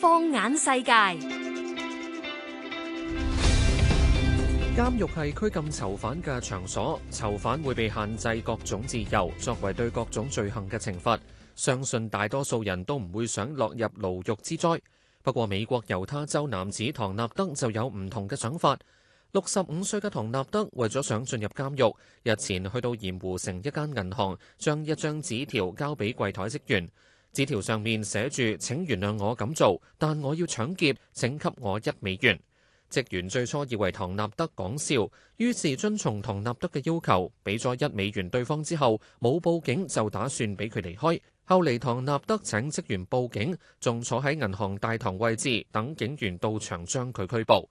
放眼世界，監獄係拘禁囚犯嘅場所，囚犯會被限制各種自由，作為對各種罪行嘅懲罰。相信大多數人都唔會想落入牢獄之災。不過，美國猶他州男子唐納德就有唔同嘅想法。六十五歲嘅唐納德為咗想進入監獄，日前去到鹽湖城一間銀行，將一張紙條交俾櫃檯職員。紙條上面寫住：請原諒我咁做，但我要搶劫，請給我一美元。職員最初以為唐納德講笑，於是遵從唐納德嘅要求，俾咗一美元對方之後，冇報警就打算俾佢離開。後嚟唐納德請職員報警，仲坐喺銀行大堂位置，等警員到場將佢拘捕。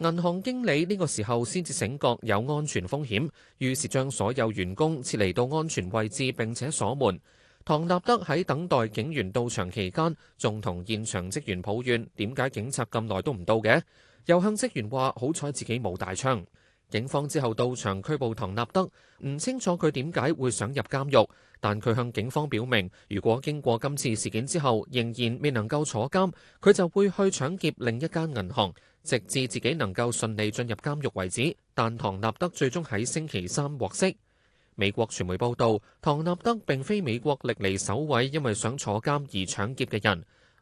銀行經理呢個時候先至醒覺有安全風險，於是將所有員工撤離到安全位置，並且鎖門。唐納德喺等待警員到場期間，仲同現場職員抱怨點解警察咁耐都唔到嘅，又向職員話好彩自己冇帶槍。警方之後到場拘捕唐納德，唔清楚佢點解會想入監獄，但佢向警方表明，如果經過今次事件之後仍然未能夠坐監，佢就會去搶劫另一間銀行，直至自己能夠順利進入監獄為止。但唐納德最終喺星期三獲釋。美國傳媒報道，唐納德並非美國歷嚟首位因為想坐監而搶劫嘅人。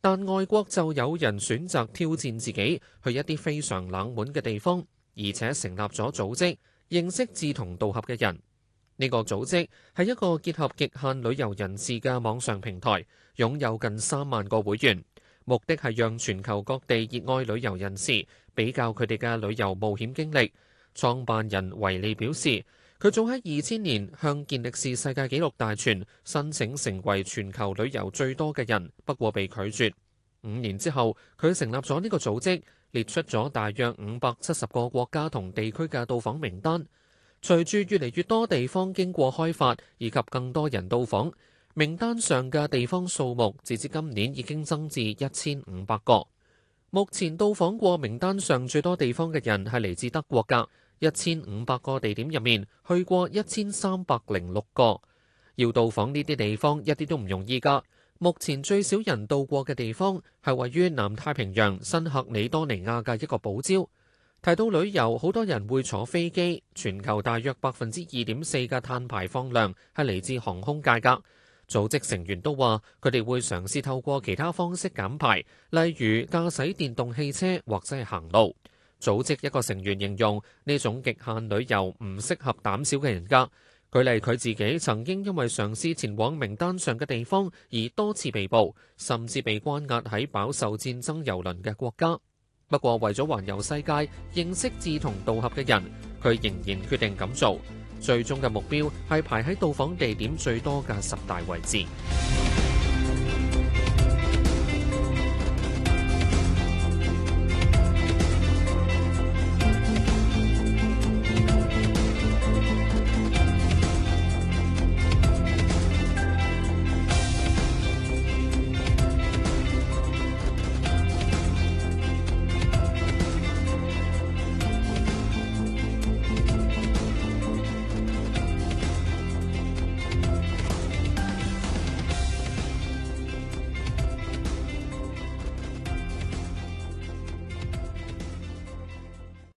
但外國就有人選擇挑戰自己，去一啲非常冷門嘅地方，而且成立咗組織，認識志同道合嘅人。呢個組織係一個結合極限旅遊人士嘅網上平台，擁有近三萬個會員，目的係讓全球各地熱愛旅遊人士比較佢哋嘅旅遊冒險經歷。創辦人維利表示，佢早喺二千年向健力士世界紀錄大全申請成為全球旅遊最多嘅人，不過被拒絕。五年之後，佢成立咗呢個組織，列出咗大約五百七十個國家同地區嘅到訪名單。隨住越嚟越多地方經過開發，以及更多人到訪，名單上嘅地方數目，截至今年已經增至一千五百個。目前到訪過名單上最多地方嘅人係嚟自德國噶。一千五百個地點入面，去過一千三百零六個。要到訪呢啲地方，一啲都唔容易噶。目前最少人到過嘅地方係位於南太平洋新喀里多尼亞嘅一個堡礁。提到旅遊，好多人會坐飛機，全球大約百分之二點四嘅碳排放量係嚟自航空界噶。組織成員都話，佢哋會嘗試透過其他方式減排，例如駕駛電動汽車或者係行路。組織一個成員形容呢種極限旅遊唔適合膽小嘅人㗎，舉例佢自己曾經因為嘗試前往名單上嘅地方而多次被捕，甚至被關押喺飽受戰爭蹂躪嘅國家。不過為咗環遊世界，認識志同道合嘅人，佢仍然決定咁做。最終嘅目標係排喺到訪地點最多嘅十大位置。